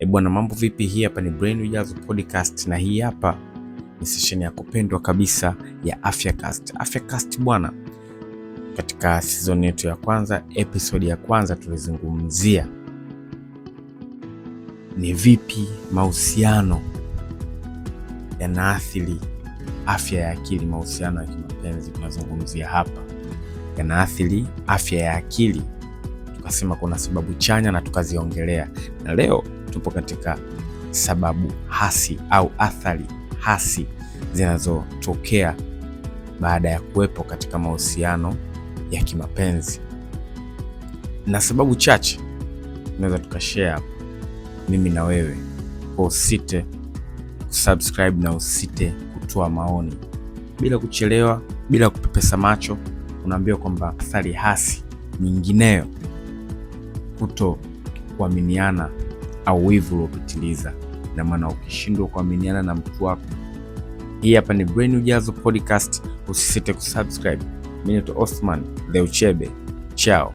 E bwana, mambo vipi? Hii hapa ni Brain Ujazo Podcast na hii hapa ni session ya kupendwa kabisa ya Afyacast. Afyacast bwana, katika season yetu ya kwanza, episode ya kwanza tulizungumzia ni vipi mahusiano yanaathiri afya ya akili. Mahusiano ya kimapenzi tunazungumzia hapa yanaathiri afya ya akili, tukasema kuna sababu chanya na tukaziongelea, na leo tupo katika sababu hasi au athari hasi zinazotokea baada ya kuwepo katika mahusiano ya kimapenzi, na sababu chache unaweza tukashare hapo mimi na wewe, kwa usite kusubscribe na usite kutoa maoni bila kuchelewa, bila kupepesa macho. Unaambiwa kwamba athari hasi nyingineyo kuto kuaminiana au wivu uliopitiliza. Na maana ukishindwa kuaminiana na mtu wako, hii hapa ni Brain Ujazo Podcast. Usisite kusubscribe. Mimi ni Osman The Uchebe. Chao.